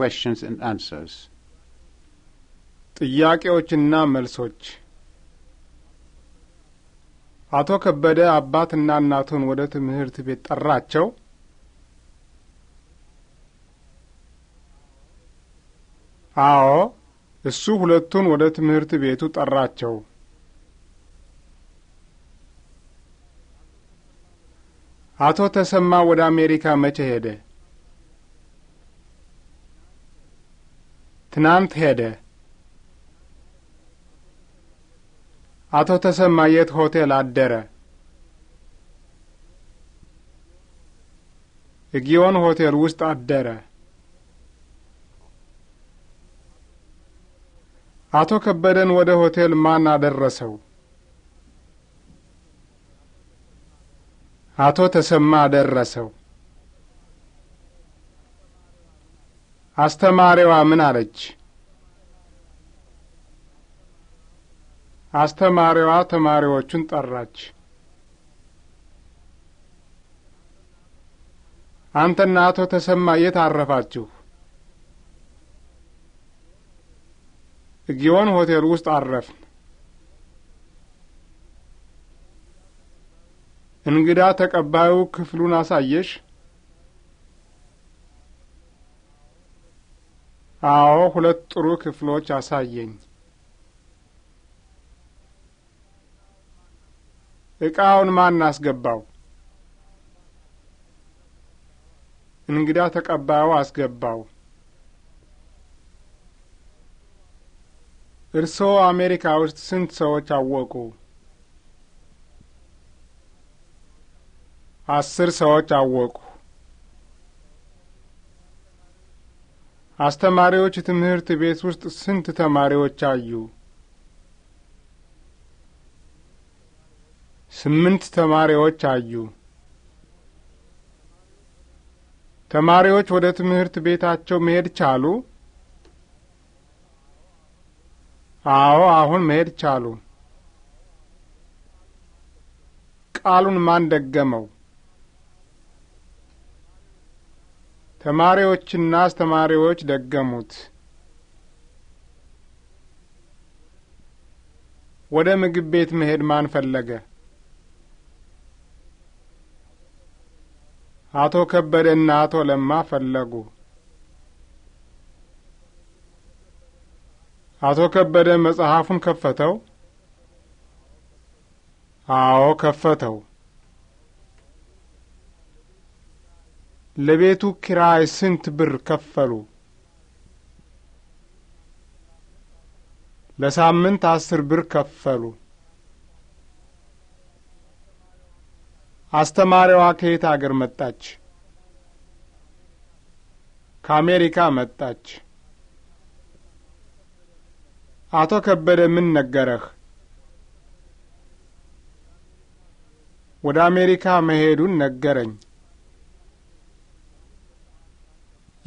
questions and answers. ጥያቄዎችና መልሶች አቶ ከበደ አባትና እናቱን ወደ ትምህርት ቤት ጠራቸው? አዎ፣ እሱ ሁለቱን ወደ ትምህርት ቤቱ ጠራቸው። አቶ ተሰማ ወደ አሜሪካ መቼ ሄደ? ትናንት ሄደ። አቶ ተሰማ የት ሆቴል አደረ? እጊዮን ሆቴል ውስጥ አደረ። አቶ ከበደን ወደ ሆቴል ማን አደረሰው? አቶ ተሰማ አደረሰው። አስተማሪዋ ምን አለች? አስተማሪዋ ተማሪዎቹን ጠራች። አንተና አቶ ተሰማ የት አረፋችሁ? ጊዮን ሆቴል ውስጥ አረፍን። እንግዳ ተቀባዩ ክፍሉን አሳየሽ? አዎ ሁለት ጥሩ ክፍሎች አሳየኝ። እቃውን ማን አስገባው? እንግዳ ተቀባዩ አስገባው። እርስዎ አሜሪካ ውስጥ ስንት ሰዎች አወቁ? አስር ሰዎች አወቁ። አስተማሪዎች ትምህርት ቤት ውስጥ ስንት ተማሪዎች አዩ? ስምንት ተማሪዎች አዩ። ተማሪዎች ወደ ትምህርት ቤታቸው መሄድ ቻሉ? አዎ፣ አሁን መሄድ ቻሉ። ቃሉን ማን ደገመው? ተማሪዎችና አስተማሪዎች ደገሙት። ወደ ምግብ ቤት መሄድ ማን ፈለገ? አቶ ከበደ እና አቶ ለማ ፈለጉ። አቶ ከበደ መጽሐፉን ከፈተው? አዎ ከፈተው። ለቤቱ ኪራይ ስንት ብር ከፈሉ? ለሳምንት አስር ብር ከፈሉ። አስተማሪዋ ከየት አገር መጣች? ከአሜሪካ መጣች። አቶ ከበደ ምን ነገረህ? ወደ አሜሪካ መሄዱን ነገረኝ።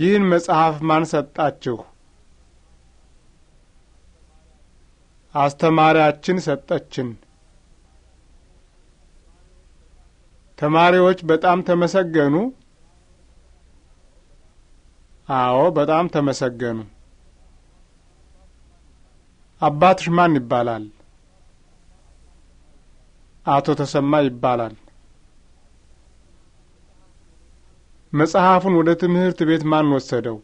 ይህን መጽሐፍ ማን ሰጣችሁ? አስተማሪያችን ሰጠችን። ተማሪዎች በጣም ተመሰገኑ። አዎ፣ በጣም ተመሰገኑ። አባትሽ ማን ይባላል? አቶ ተሰማ ይባላል። መጽሐፉን ወደ ትምህርት ቤት ማን ወሰደው?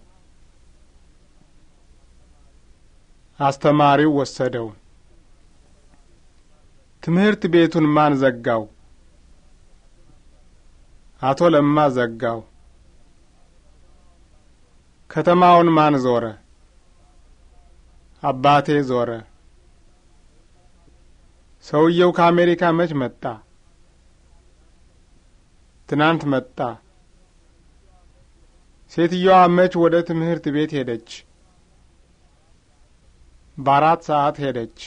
አስተማሪው ወሰደው። ትምህርት ቤቱን ማን ዘጋው? አቶ ለማ ዘጋው። ከተማውን ማን ዞረ? አባቴ ዞረ። ሰውየው ከአሜሪካ መች መጣ? ትናንት መጣ። ሴትየዋ መች ወደ ትምህርት ቤት ሄደች? በአራት ሰዓት ሄደች።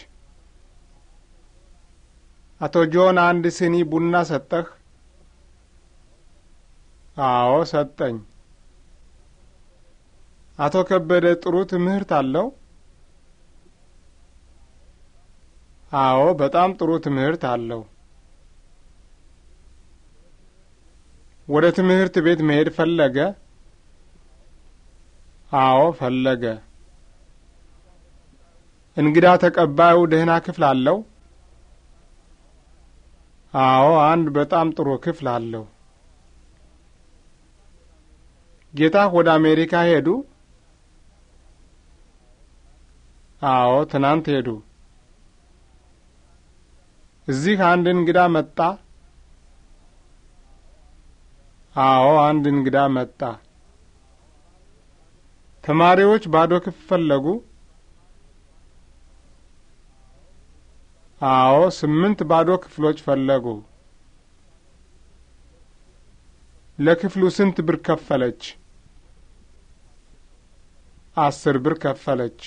አቶ ጆን አንድ ስኒ ቡና ሰጠህ? አዎ ሰጠኝ። አቶ ከበደ ጥሩ ትምህርት አለው? አዎ በጣም ጥሩ ትምህርት አለው። ወደ ትምህርት ቤት መሄድ ፈለገ? አዎ ፈለገ። እንግዳ ተቀባዩ ደህና ክፍል አለው? አዎ አንድ በጣም ጥሩ ክፍል አለው። ጌታ ወደ አሜሪካ ሄዱ? አዎ ትናንት ሄዱ። እዚህ አንድ እንግዳ መጣ? አዎ አንድ እንግዳ መጣ። ተማሪዎች ባዶ ክፍል ፈለጉ? አዎ፣ ስምንት ባዶ ክፍሎች ፈለጉ። ለክፍሉ ስንት ብር ከፈለች? አስር ብር ከፈለች።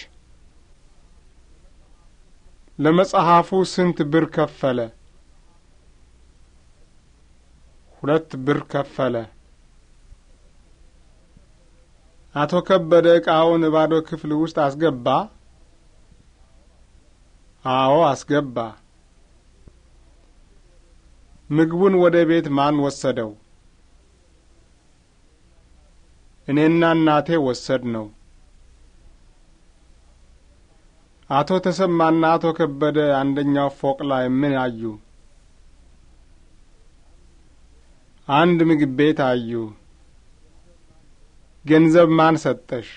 ለመጽሐፉ ስንት ብር ከፈለ? ሁለት ብር ከፈለ። አቶ ከበደ ዕቃውን ባዶ ክፍል ውስጥ አስገባ? አዎ አስገባ። ምግቡን ወደ ቤት ማን ወሰደው? እኔና እናቴ ወሰድ ነው። አቶ ተሰማና አቶ ከበደ አንደኛው ፎቅ ላይ ምን አዩ? አንድ ምግብ ቤት አዩ። ገንዘብ ማን ሰጠሽ?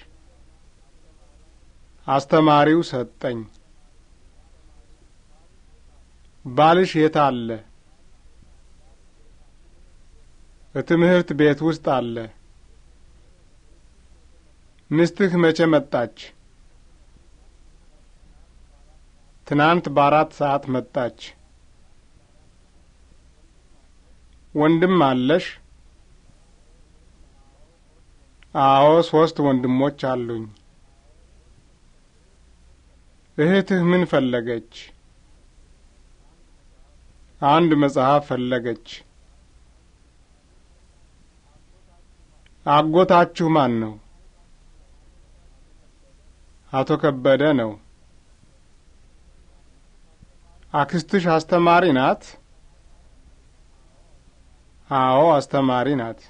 አስተማሪው ሰጠኝ። ባልሽ የት አለ? በትምህርት ቤት ውስጥ አለ። ምስትህ መቼ መጣች? ትናንት በአራት ሰዓት መጣች። ወንድም አለሽ? አዎ ሶስት ወንድሞች አሉኝ። እህትህ ምን ፈለገች? አንድ መጽሐፍ ፈለገች። አጎታችሁ ማን ነው? አቶ ከበደ ነው። አክስትሽ አስተማሪ ናት? አዎ አስተማሪ ናት።